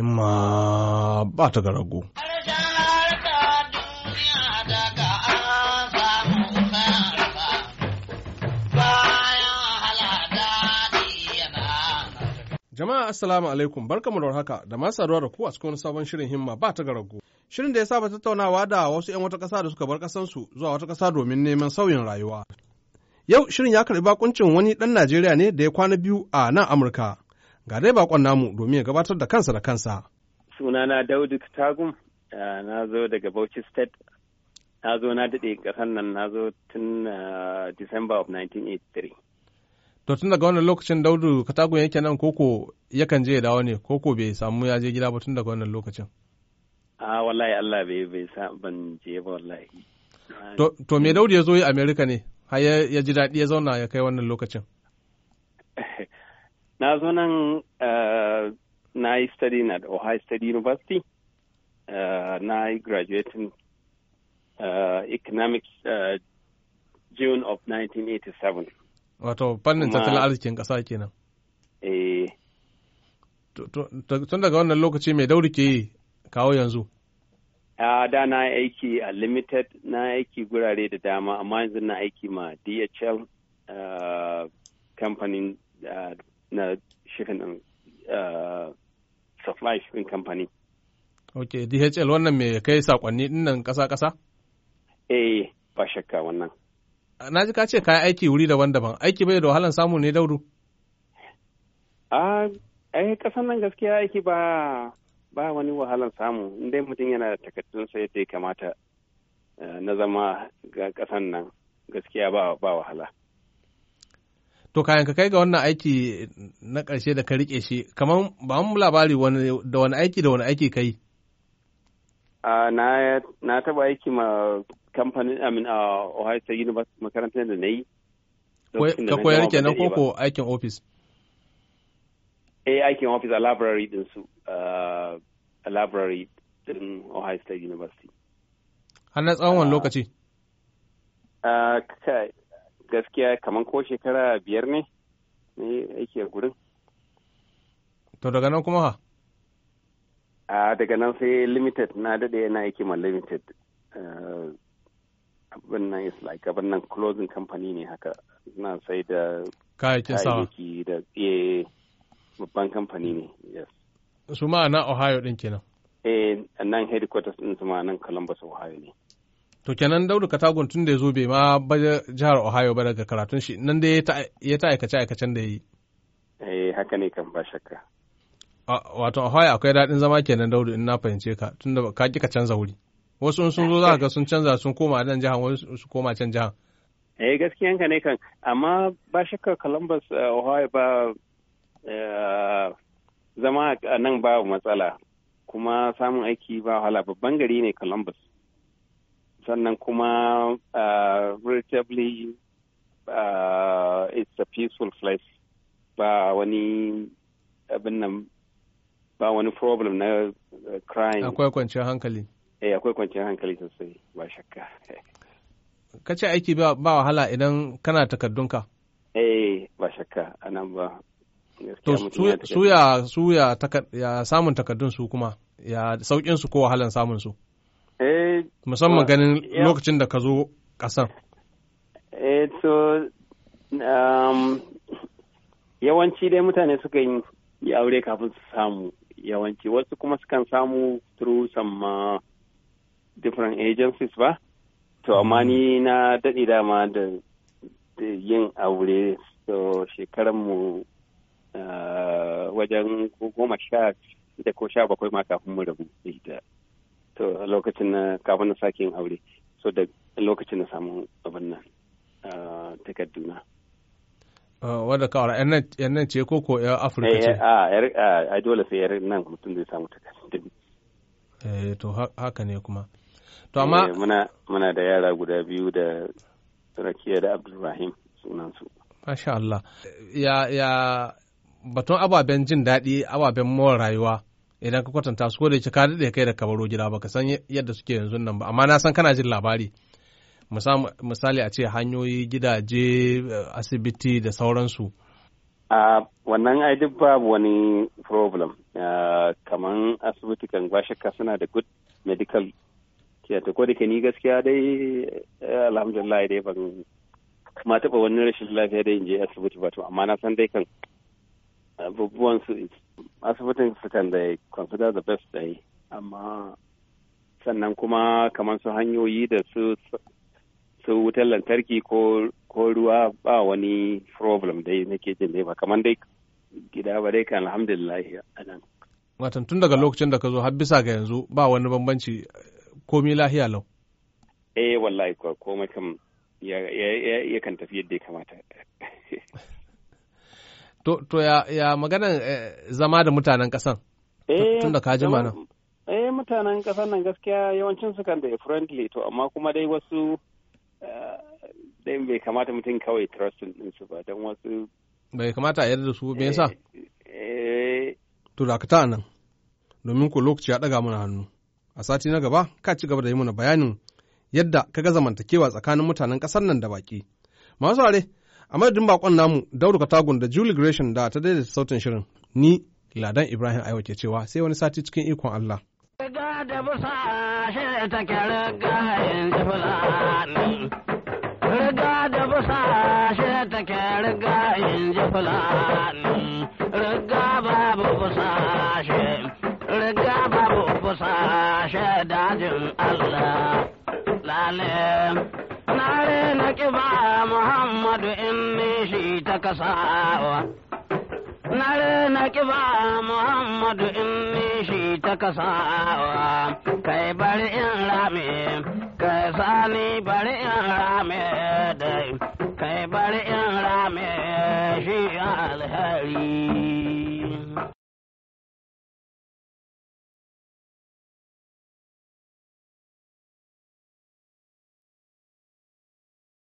himma ba ta ga rago. Jama'a Assalamu alaikum barkamu da warhaka da masu saduwa da ku a cikin sabon shirin himma ba ta garago. Shirin da ya saba tattaunawa da wasu 'yan wata ƙasa da suka bar ƙasansu zuwa wata ƙasa domin neman sauyin rayuwa. Yau shirin ya karɓi bakuncin wani ɗan Najeriya ne da ya kwana biyu a nan Amurka Ga dai bakon namu domin ya gabatar da kansa da kansa. Sunana Daudu Tagum, eh, na zo daga Bauchi State. Na zo na daɗe ƙasar nan na zo tun eh, December of 1983. To tun daga wannan lokacin Daudu Katagun yake nan koko yakan je ya dawo ne koko bai samu ya je gida ba tun daga wannan lokacin. A wallahi Allah bai bai sa ban je ba wallahi. To me Daudu ya zo yi Amerika ne har ya ji daɗi ya zauna ya kai wannan lokacin? na zo nan eh, na yi study na Ohio State University eh, na yi graduating eh, economics June of 1987. Wato fannin tattalin arzikin ƙasa kenan. Eh. Tun daga wannan lokaci mai dauri ke yi kawo yanzu? Uh, da na aiki a limited na aiki gurare da dama amma yanzu na aiki ma DHL company. na shirin eh, supply shirin company. Ok, DHL wannan mai kai sakonni dinnan ƙasa-ƙasa? Eh, ba shakka wannan. Na ji ka ce kayan aiki wuri daban-daban, aiki bai da wahalan samu ne daudu? A, eh, ƙasan nan gaskiya aiki ba ba wani wahalan samu, inda mutum yana da takardunsa sai ya kamata eh, na zama ga ƙasan nan gaskiya ba wahala. To kayan ka kai ga wannan aiki na ƙarshe da ka riƙe shi, kamar ba mu labari da wani aiki da wani aiki ka yi? Na taɓa aiki ma kamfanin mean, uh, Ohio State University makarantar da na yi. Ka koyar kenan ko ko aikin ofis? Eh aikin ofis a library din su a library din Ohio State University. Har na tsawon lokaci? Uh, kai gaskiya kamar ko shekara biyar ne ne aiki a gurin to daga nan kuma ha a daga nan sai limited na dade na aiki ma limited abin nan is like abin nan closing company ne haka na sai da kayayyakin sawa da tsaye eh, babban company ne yes su ma na ohio din kenan eh nan headquarters din su ma nan columbus ohio ne To kenan Daudu Katagun tun da ya zo bai ma ba jihar Ohio ba daga karatun shi nan dai ya ta aikace aikacen da ya yi. Eh haka ne kan ba shakka. Wato Ohio akwai daɗin zama kenan Daudu in na fahimce ka tun da ka kika canza wuri. Wasu sun zo za ka sun canza sun koma nan jihar wasu su koma can jihar. Eh gaskiyan ka ne kan amma ba shakka Columbus eh, Ohio ba eh, zama a nan ba matsala kuma samun aiki ba wahala babban gari ne Columbus. sannan kuma uh, relatively uh, it's a peaceful place ba wani abin nan ba wani problem na uh, crime akwai kwanciyar hankali eh akwai kwanciyar hankali sosai ba shakka ka ce aiki ba wahala idan kana takardunka eh ba shakka anan ba to suya suya samun takardun su kuma ya saukin su ko wahalan samun su Eh, Musamman ganin lokacin da ka zo kasar eh, to um, yawanci dai mutane suka yi aure kafin su samu yawanci wasu kuma sukan samu through some uh, different agencies ba to amma mm. ni na daɗi dama da yin aure so shekaranmu uh, wajen goma sha da ko sha bakwai ma kafin mu rabu da to lokacin na kafin na sake yin aure so da lokacin na samu abin nan ah, takarduna ah, Wanda ka aura yan nan ce ko ko yan afirka ce eh, a ah, dole sai yar nan mutum zai samu takardu. eh to haka ne kuma to eh, amma muna da yara guda biyu da rakiya da abdulrahim sunansu masha Allah ya ya baton ababen jin daɗi ababen more rayuwa idan ka kwatanta su ko da yake ka daɗe kai da kabaro gida gida baka san yadda suke yanzu nan ba amma na san kana jin labari misali a ce hanyoyi gidaje eh, asibiti da sauransu a wannan ai duk babu wani problem kaman asibiti kan ba ka suna da good medical care ko da ke ni gaskiya dai eh, alhamdulillah dai ban kuma taɓa wani rashin lafiya dai in je asibiti ba to amma na san dai kan abubuwan su asibitin fitan da consider the best da amma sannan kuma kamar su hanyoyi da su su wutar lantarki ko ruwa ba wani problem dai nake jin dai ba kamar dai gida ba dai kan alhamdulillah a nan watan tun daga lokacin da ka zo har bisa ga yanzu ba wani bambanci komi lahiya lau eh wallahi komai kam ya kan tafi yadda ya kamata To, to ya, ya maganan eh, zama da mutanen ƙasan? Eh, Tun da ka jima nan. Eh, mutanen ƙasan nan gaskiya yawancin sukan da friendly to amma kuma dai wasu ɗin eh, bai kamata mutum kawai trustin ɗinsu ba don wasu. Bai kamata a yarda da su me yasa? Eh. To, nan. Domin ku lokaci ya ɗaga mana hannu. A sati na gaba, ka ci gaba da yi mana bayanin yadda ka ga zamantakewa tsakanin mutanen ƙasar nan da baƙi. Masu are, A madadin bakon namu Daudu Katagun da Julie Gresham da ta daidaita sautin shirin ni Ladan Ibrahim Aiwa ke cewa sai wani sati cikin ikon Allah. Riga da busa shi take riga ji fulani. Riga da busa shi take riga ji fulani. Muhammadu in shi ta kasawa. Nare na ba Muhammadu in shi ta kasawa, kai bari in rame, kai sani bari in rame dai, kai bari in rame shi alheri.